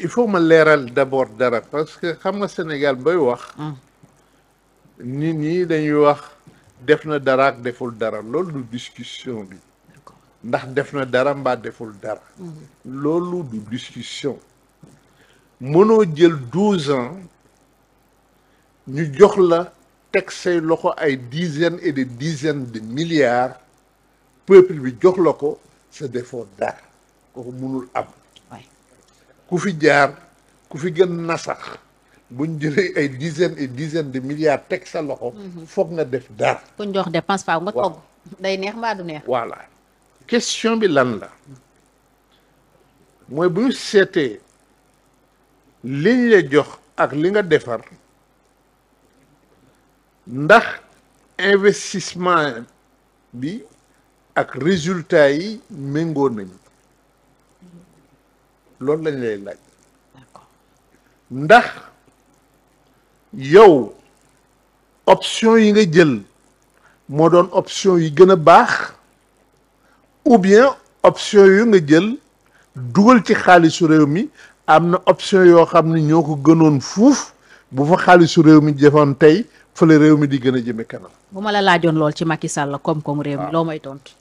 il faut me l'éral d'abord dara parce que quand nga Sénégal bay wax. Hmm. nit ni dañuy wax def dara ak deful dara loolu discussion bi. ndax def dara mbaa deful dara. Hmm. loolu du discussion. mono jël douze ans ñu jox la texte say loxo ay dizaines et des dizaines de milliards peuple bi jox lako ko sa defoo dara kooku am ku fi jaar ku fi gën nasax buñ jëlee ay dizaines et dizaines de milliards teg sa loxo. Mhm. foog nga def dara. ku jox dépense faaw nga togg. day neex mbaa du neex. voilà question bi lan la mooy bu ñu seetee liñ la jox ak li nga defar ndax investissement bi ak résultat yi méngoo nañu. loolu lañ lay laaj ndax yow option yi nga jël moo doon option yi gën a baax ou bien option yu nga jël dugal ci xaalisu réew mi am na option yoo xam ne ñoo ko gënoon fuuf bu fa xaalisu réew mi jëfoon tey fële réew mi di gën a jëme kanam. bu ma la laajoon lool ci Macky Sall koom-koomu réew mi ah. loo may tontu.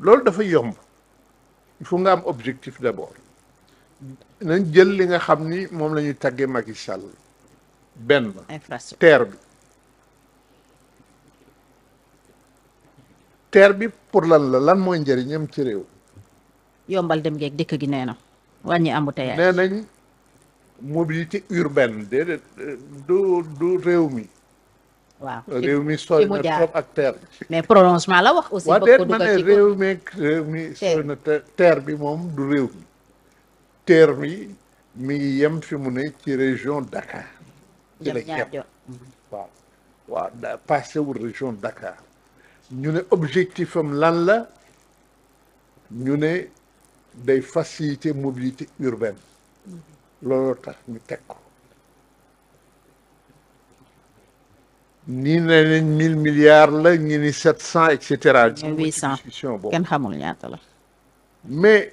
loolu dafa yomb il nga am objectif d'abord. nañ jël li nga xam ni moom lañuy ñuy taggee Macky Sall benn terre bi terre bi pour lan la lan mooy njëriñam ci réew yombal dem geeg dëkk gi nee na wàññi embouteillage nee nañ mobilité urbaine du du réew mi waaw euh, réew mi sooy na trop la wax aussi bi moom du réew mi terre, mais il y a une région Dakar. Il y a une région de Dakar. Nous avons objectif de faciliter la mobilité urbaine. C'est ce que nous avons 1 1000 milliards, 700, etc. 800. Mais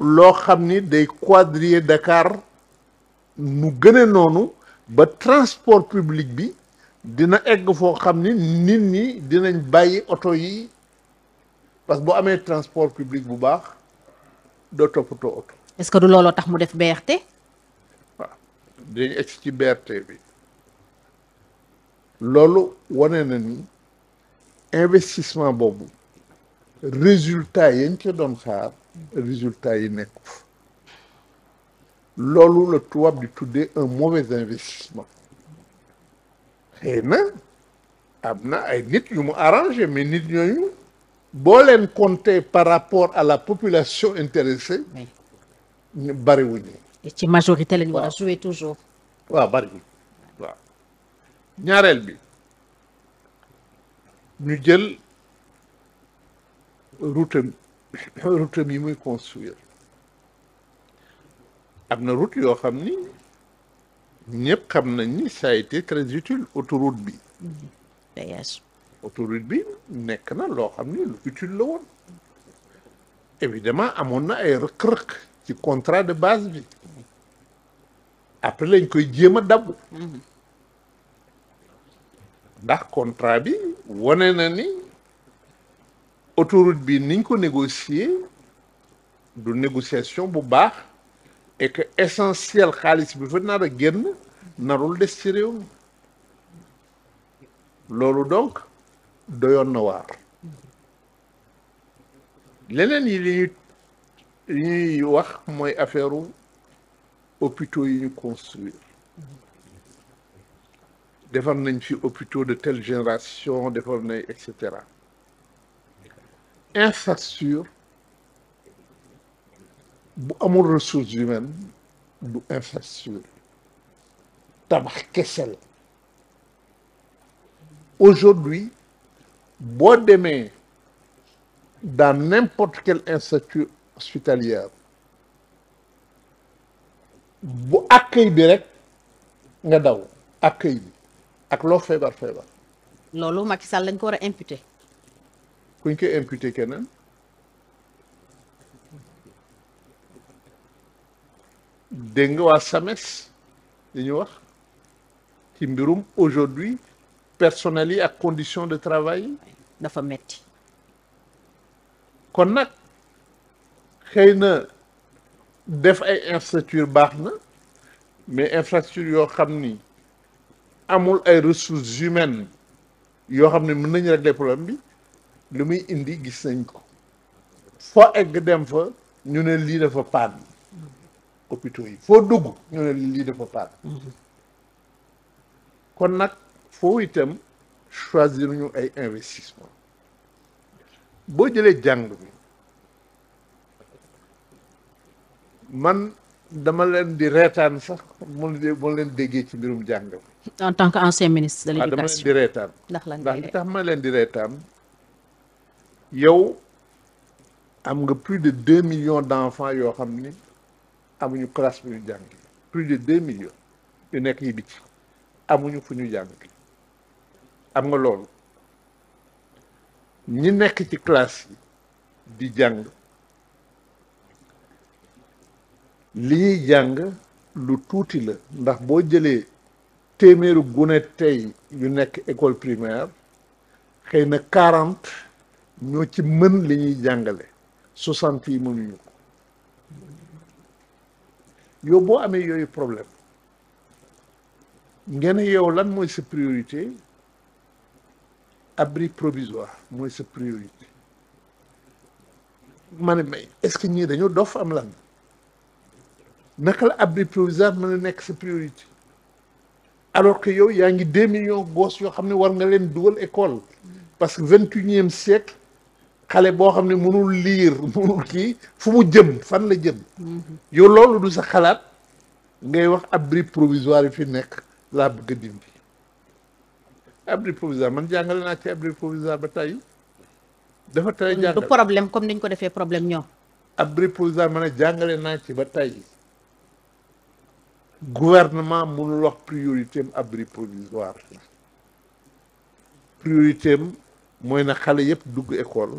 lo xamni day quadriller Dakar nu gëne noonu ba transport public bi dina egg fo xamni ni nit ñi dinañ bayyi auto yi parce bo amé transport public bu baax doo toppatoo auto est-ce que du lolo tax mu def BRT. dinañ BRT bi lolo wane na ni investissement boobu résultat yañ ci doon xaar résultat yi nekk loolu la tubaab di tuddee un mauvais investissement xëy na am na ay nit yu mu arrangé mais nit ñooñu boo leen compter par rapport à la population intéressée bariwuñu ci majorité lañu war a jouer toujours waaw bariwuñu waaw ñaareel bi ñu jël route route yi construire am na route yoo xam ni ñëpp ni ça a été très utile autoroute bi mm-hmm. autoroute bi nekk na loo xam utile la évidemment à na ay rëkk-rëkk ci contrat de base bi après lañ koy jéem a dabb mm-hmm. ndax contrat bi wone na ni autoroute bi niñ ko négocier du négociation bu baax et que essentiel xaalis bi fa nar a narul des ci réew mi donc doyoon na war leneen yi li ñuy wax mooy affaire hôpitaux yi ñu construire defar nañ fi hôpitaux de telle génération defar nañ et infrastructure bu ressources humaines humaine du infrastructure tabax aujourd'hui dans n'importe quelle institut hospitalière vous accueil bi rek nga daw ak kuñ koy imputé keneen dégg nga waa SAMES li wax ci mbirum aujourd'hui personnel à condition de travail Na dafa metti kon nag xëy def ay infrastructure baax mais infrastructure yo xam amul ay ressources humaines yo xam ne mën régler problème bi li muy indi gis nañ ko foo egg dem fa ñu ne lii dafa paan hôpitaux yi foo dugg ñu ne lii dafa paan kon nag foo itam choisir ñu ay investissement boo jëlee jàng bi man dama leen di reetaan sax mun mun leen déggee ci mbirum jàng bi en tant que ancien ministre de l'éducation ah, dama leen di reetaan ndax li tax ma leen di reetaan yow am nga plus de 2 millions d'enfants yo xamni amuñu classe bu ñu jàngi plus de 2 millions yu nekk yi biti amuñu fuñu ñu am nga lool ñi nekk ci classe yi di jang li jang lu tuuti la ndax bo jëlé téeméeru gune tay yu nekk école primaire xeyna 40 ñoo ci mën li ñuy jàngale 60 yi mënuñu ko yow boo amee yooyu problème ngeen yow lan mooy sa priorité abri provisoire mooy sa priorité ma ne mais est-ce que ñii dañoo dof am lan naka la abri provisoire mën a nekk sa priorité alors que yow yaa ngi deux millions gosses yoo xam ne war nga leen dugal école parce que vingt e siècle xalé bo xam mënul lire mënul ki fu mu jëm fan la jëm yo lolu du sa xalat ngay wax abri provisoire fi nek la bëgg a abri provisoire man jàngale na ci abri provisoire ba tay dafa tay jangal du problème comme niñ ko défé problème ño abri provisoire man a na ci ba tay gouvernement mënul wax priorité abri provisoire priorité moy na xalé yépp dugg école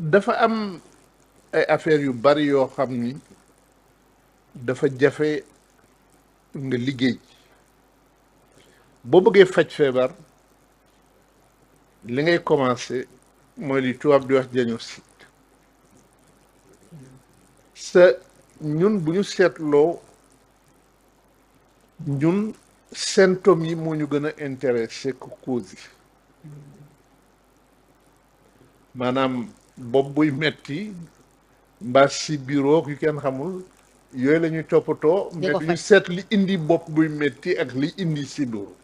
dafa am ay affaire yu bari yoo xam ni dafa jafe nga liggéey boo bëggee faj feebar li ngay commencé mooy li tubaab di wax diagnostic sa ñun bu ñu seetloo ñun symptômes yi moo ñu gën a intéressé ko cause yi maanaam bopp buy metti mbaa si bureau yu kenn xamul yooyu lañuy toppatoo mais duñu seet li indi bopp buy metti ak li indi si bureau